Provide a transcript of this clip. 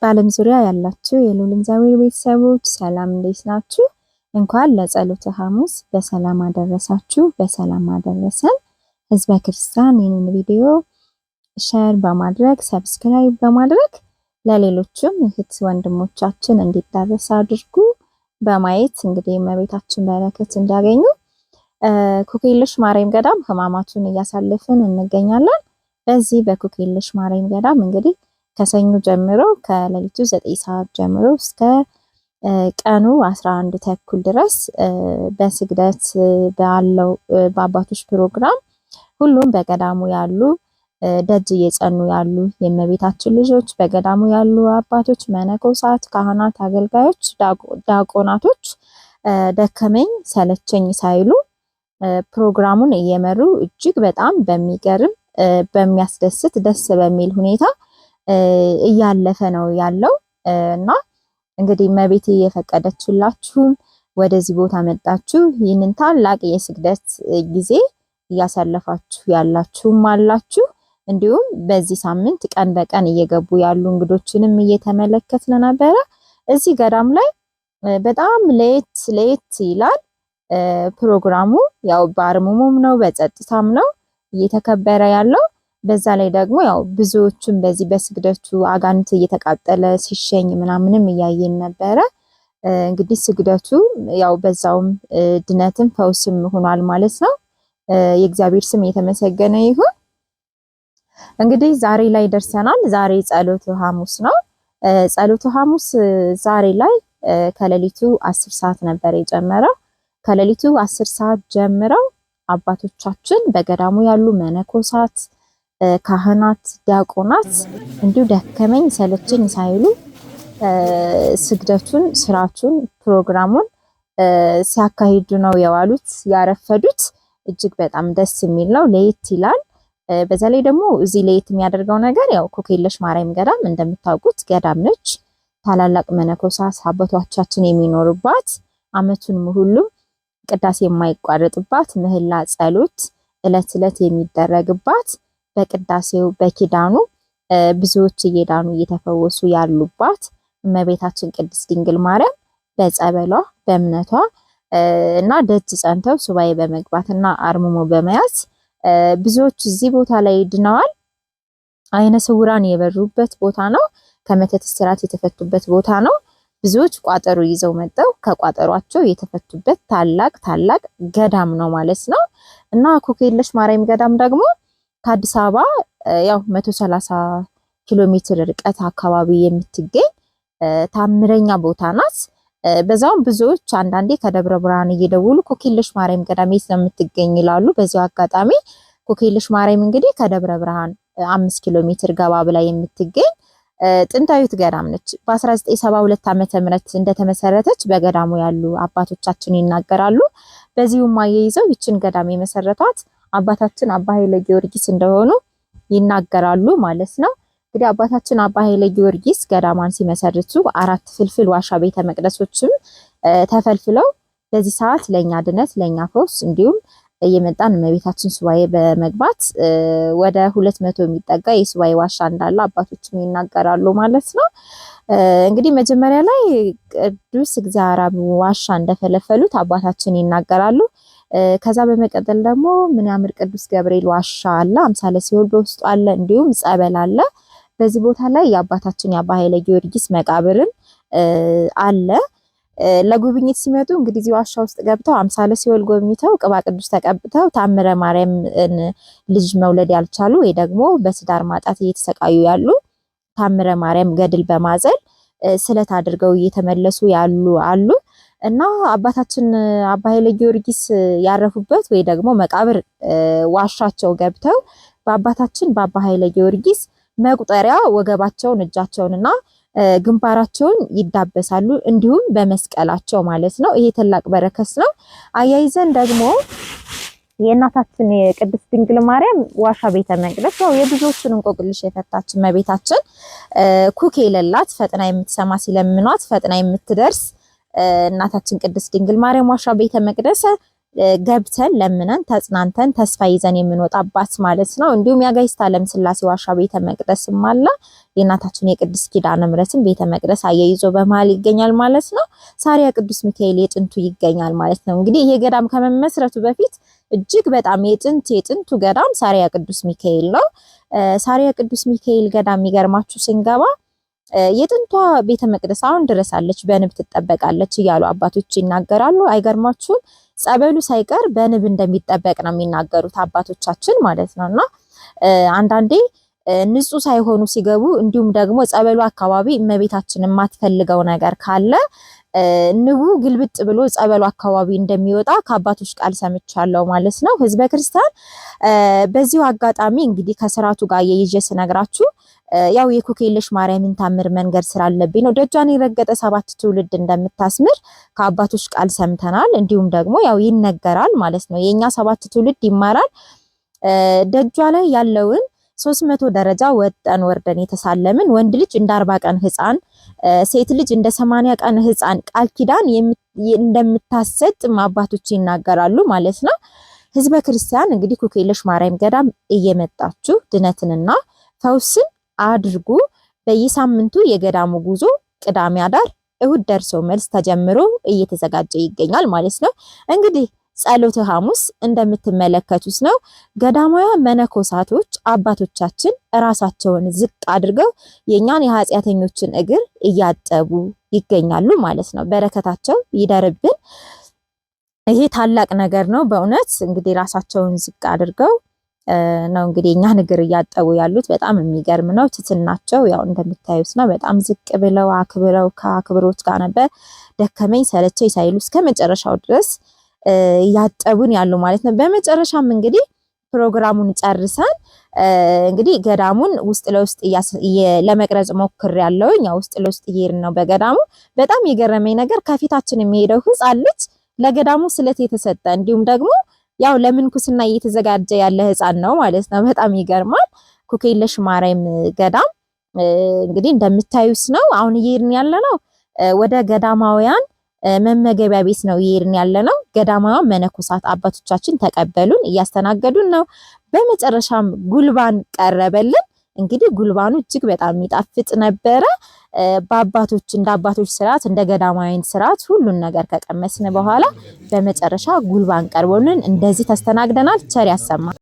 በዓለም ዙሪያ ያላችሁ የልዑል እግዚአብሔር ቤተሰቦች ሰላም እንዴት ናችሁ? እንኳን ለጸሎተ ሐሙስ በሰላም አደረሳችሁ፣ በሰላም አደረሰን። ህዝበ ክርስቲያን ይህንን ቪዲዮ ሸር በማድረግ ሰብስክራይብ በማድረግ ለሌሎችም እህት ወንድሞቻችን እንዲዳረስ አድርጉ። በማየት እንግዲህ እመቤታችን በረከት እንዲያገኙ ኩክየለሽ ማርያም ገዳም ህማማቱን እያሳለፍን እንገኛለን። በዚህ በኩክየለሽ ማርያም ገዳም እንግዲህ ከሰኞ ጀምሮ ከሌሊቱ ዘጠኝ ሰዓት ጀምሮ እስከ ቀኑ 11 ተኩል ድረስ በስግደት ባለው በአባቶች ፕሮግራም ሁሉም በገዳሙ ያሉ ደጅ እየጸኑ ያሉ የእመቤታችን ልጆች በገዳሙ ያሉ አባቶች፣ መነኮሳት፣ ካህናት፣ አገልጋዮች፣ ዲያቆናቶች ደከመኝ ሰለቸኝ ሳይሉ ፕሮግራሙን እየመሩ እጅግ በጣም በሚገርም በሚያስደስት ደስ በሚል ሁኔታ እያለፈ ነው ያለው እና እንግዲህ መቤት እየፈቀደችላችሁም ወደዚህ ቦታ መጣችሁ ይህንን ታላቅ የስግደት ጊዜ እያሳለፋችሁ ያላችሁም አላችሁ። እንዲሁም በዚህ ሳምንት ቀን በቀን እየገቡ ያሉ እንግዶችንም እየተመለከትን ነበረ። እዚህ ገዳም ላይ በጣም ለየት ለየት ይላል ፕሮግራሙ። ያው በአርምሞም ነው በጸጥታም ነው እየተከበረ ያለው። በዛ ላይ ደግሞ ያው ብዙዎቹም በዚህ በስግደቱ አጋንንት እየተቃጠለ ሲሸኝ ምናምንም እያየን ነበረ። እንግዲህ ስግደቱ ያው በዛውም ድነትም ፈውስም ሆኗል ማለት ነው። የእግዚአብሔር ስም እየተመሰገነ ይሁን። እንግዲህ ዛሬ ላይ ደርሰናል። ዛሬ ጸሎተ ሐሙስ ነው። ጸሎት ሐሙስ ዛሬ ላይ ከሌሊቱ አስር ሰዓት ነበር የጀመረው። ከሌሊቱ አስር ሰዓት ጀምረው አባቶቻችን በገዳሙ ያሉ መነኮሳት ካህናት፣ ዲያቆናት እንዲሁ ደከመኝ ሰለቸኝ ሳይሉ ስግደቱን፣ ስርዓቱን፣ ፕሮግራሙን ሲያካሂዱ ነው የዋሉት ያረፈዱት። እጅግ በጣም ደስ የሚል ነው፣ ለየት ይላል። በዛ ላይ ደግሞ እዚህ ለየት የሚያደርገው ነገር ያው ኮኬለሽ ማርያም ገዳም እንደምታውቁት ገዳም ነች። ታላላቅ መነኮሳት አባቶቻችን የሚኖሩባት አመቱን ሁሉም ቅዳሴ የማይቋረጥባት ምህላ ጸሎት እለት እለት የሚደረግባት በቅዳሴው በኪዳኑ ብዙዎች እየዳኑ እየተፈወሱ ያሉባት እመቤታችን ቅድስት ድንግል ማርያም በጸበሏ በእምነቷ እና ደጅ ጸንተው ሱባኤ በመግባት እና አርምሞ በመያዝ ብዙዎች እዚህ ቦታ ላይ ድነዋል። አይነ ስውራን የበሩበት ቦታ ነው። ከመተት እስራት የተፈቱበት ቦታ ነው። ብዙዎች ቋጠሮ ይዘው መጠው ከቋጠሯቸው የተፈቱበት ታላቅ ታላቅ ገዳም ነው ማለት ነው እና ኮኬለሽ ማርያም ገዳም ደግሞ ከአዲስ አበባ ያው መቶ ሰላሳ ኪሎ ሜትር ርቀት አካባቢ የምትገኝ ታምረኛ ቦታ ናት። በዛውም ብዙዎች አንዳንዴ ከደብረ ብርሃን እየደወሉ ኮኬለሽ ማርያም ገዳም የት ነው የምትገኝ ይላሉ። በዚሁ አጋጣሚ ኮኬለሽ ማርያም እንግዲህ ከደብረ ብርሃን አምስት ኪሎ ሜትር ገባ ብላ የምትገኝ ጥንታዊት ገዳም ነች። በ1972 ዓመተ ምህረት እንደተመሰረተች በገዳሙ ያሉ አባቶቻችን ይናገራሉ። በዚሁም አያይዘው ይችን ገዳም የመሰረቷት አባታችን አባ ኃይለ ጊዮርጊስ እንደሆኑ ይናገራሉ ማለት ነው። እንግዲህ አባታችን አባ ኃይለ ጊዮርጊስ ገዳማን ሲመሰርቱ አራት ፍልፍል ዋሻ ቤተ መቅደሶችም ተፈልፍለው በዚህ ሰዓት ለእኛ ድነት ለእኛ ፈውስ እንዲሁም የመጣን እመቤታችን ሱባኤ በመግባት ወደ ሁለት መቶ የሚጠጋ የሱባኤ ዋሻ እንዳለ አባቶችም ይናገራሉ ማለት ነው። እንግዲህ መጀመሪያ ላይ ቅዱስ እግዚአብሔር ዋሻ እንደፈለፈሉት አባታችን ይናገራሉ። ከዛ በመቀጠል ደግሞ ምንያምር ቅዱስ ገብርኤል ዋሻ አለ፣ አምሳለ ሲኦል በውስጡ አለ፣ እንዲሁም ጸበል አለ። በዚህ ቦታ ላይ የአባታችን የአባ ኃይለ ጊዮርጊስ መቃብርም አለ። ለጉብኝት ሲመጡ እንግዲህ እዚህ ዋሻ ውስጥ ገብተው አምሳለ ሲኦል ጎብኝተው ቅባ ቅዱስ ተቀብተው ታምረ ማርያም ልጅ መውለድ ያልቻሉ ወይ ደግሞ በስዳር ማጣት እየተሰቃዩ ያሉ ታምረ ማርያም ገድል በማዘል ስለት አድርገው እየተመለሱ ያሉ አሉ። እና አባታችን አባ ኃይለ ጊዮርጊስ ያረፉበት ወይ ደግሞ መቃብር ዋሻቸው ገብተው በአባታችን በአባ ኃይለ ጊዮርጊስ መቁጠሪያ ወገባቸውን እጃቸውንና ግንባራቸውን ይዳበሳሉ። እንዲሁም በመስቀላቸው ማለት ነው። ይሄ ታላቅ በረከት ነው። አያይዘን ደግሞ የእናታችን የቅድስት ድንግል ማርያም ዋሻ ቤተ መቅደስ ያው የብዙዎቹን እንቆቅልሽ የፈታችን መቤታችን ኩክ የሌላት ፈጥና የምትሰማ ሲለምኗት ፈጥና የምትደርስ እናታችን ቅድስት ድንግል ማርያም ዋሻ ቤተ መቅደስ ገብተን ለምነን ተጽናንተን ተስፋ ይዘን የምንወጣባት ማለት ነው። እንዲሁም የአጋዕዝተ ዓለም ሥላሴ ዋሻ ቤተ መቅደስም አለ። የእናታችን የቅድስት ኪዳነ ምሕረትን ቤተ መቅደስ አያይዞ በመሀል ይገኛል ማለት ነው። ሳሪያ ቅዱስ ሚካኤል የጥንቱ ይገኛል ማለት ነው። እንግዲህ ይሄ ገዳም ከመመስረቱ በፊት እጅግ በጣም የጥንት የጥንቱ ገዳም ሳሪያ ቅዱስ ሚካኤል ነው። ሳሪያ ቅዱስ ሚካኤል ገዳም የሚገርማችሁ ስንገባ የጥንቷ ቤተ መቅደስ አሁን ድረስ አለች፣ በንብ ትጠበቃለች እያሉ አባቶች ይናገራሉ። አይገርማችሁም? ጸበሉ ሳይቀር በንብ እንደሚጠበቅ ነው የሚናገሩት አባቶቻችን ማለት ነው። እና አንዳንዴ ንጹህ ሳይሆኑ ሲገቡ እንዲሁም ደግሞ ጸበሉ አካባቢ እመቤታችን የማትፈልገው ነገር ካለ ንቡ ግልብጥ ብሎ ጸበሉ አካባቢ እንደሚወጣ ከአባቶች ቃል ሰምቻለሁ ማለት ነው። ህዝበ ክርስቲያን በዚሁ አጋጣሚ እንግዲህ ከስርዓቱ ጋር የይዤ ስነግራችሁ ያው የኩክ ማርያም ማርያምን ታምር መንገድ ስላለብኝ ነው ደጇን የረገጠ ሰባት ትውልድ እንደምታስምር ከአባቶች ቃል ሰምተናል። እንዲሁም ደግሞ ያው ይነገራል ማለት ነው። የኛ ሰባት ትውልድ ይማራል። ደጇ ላይ ያለውን ሶስት መቶ ደረጃ ወጠን ወርደን የተሳለምን ወንድ ልጅ እንደ አርባ ቀን ህፃን፣ ሴት ልጅ እንደ ሰማንያ ቀን ህፃን ቃል ኪዳን እንደምታሰጥ አባቶች ይናገራሉ ማለት ነው። ህዝበ ክርስቲያን እንግዲህ ኩክ ማርያም ገዳም እየመጣችሁ ድነትንና ፈውስን አድርጉ። በየሳምንቱ የገዳሙ ጉዞ ቅዳሜ አዳር፣ እሁድ ደርሶ መልስ ተጀምሮ እየተዘጋጀ ይገኛል ማለት ነው። እንግዲህ ጸሎተ ሐሙስ እንደምትመለከቱት ነው። ገዳማዊ መነኮሳቶች አባቶቻችን ራሳቸውን ዝቅ አድርገው የእኛን የኃጢአተኞችን እግር እያጠቡ ይገኛሉ ማለት ነው። በረከታቸው ይደርብን። ይሄ ታላቅ ነገር ነው በእውነት እንግዲህ ራሳቸውን ዝቅ አድርገው ነው እንግዲህ እኛ እግር እያጠቡ ያሉት። በጣም የሚገርም ነው። ትትናቸው ያው እንደምታዩት ነው። በጣም ዝቅ ብለው አክብረው ከአክብሮት ጋር ነበር ደከመኝ ሰለቸኝ ሳይሉ እስከ መጨረሻው ድረስ እያጠቡን ያሉ ማለት ነው። በመጨረሻም እንግዲህ ፕሮግራሙን ጨርሰን እንግዲህ ገዳሙን ውስጥ ለውስጥ ለመቅረጽ ሞክር ያለውኝ ያ ውስጥ ለውስጥ እየሄድን ነው በገዳሙ። በጣም የገረመኝ ነገር ከፊታችን የሚሄደው ህፃን ልጅ ለገዳሙ ስለት የተሰጠ እንዲሁም ደግሞ ያው ለምንኩስና እየተዘጋጀ ያለ ህፃን ነው ማለት ነው። በጣም ይገርማል። ኩክየለሽ ማርያም ገዳም እንግዲህ እንደምታዩት ነው። አሁን እየሄድን ያለ ነው ወደ ገዳማውያን መመገቢያ ቤት ነው እየሄድን ያለ ነው። ገዳማውያን መነኮሳት አባቶቻችን ተቀበሉን፣ እያስተናገዱን ነው። በመጨረሻም ጉልባን ቀረበልን። እንግዲህ ጉልባኑ እጅግ በጣም የሚጣፍጥ ነበረ። በአባቶች እንደ አባቶች ስርዓት እንደ ገዳማዊን ስርዓት ሁሉን ነገር ከቀመስን በኋላ በመጨረሻ ጉልባን ቀርቦልን እንደዚህ ተስተናግደናል። ቸር ያሰማል።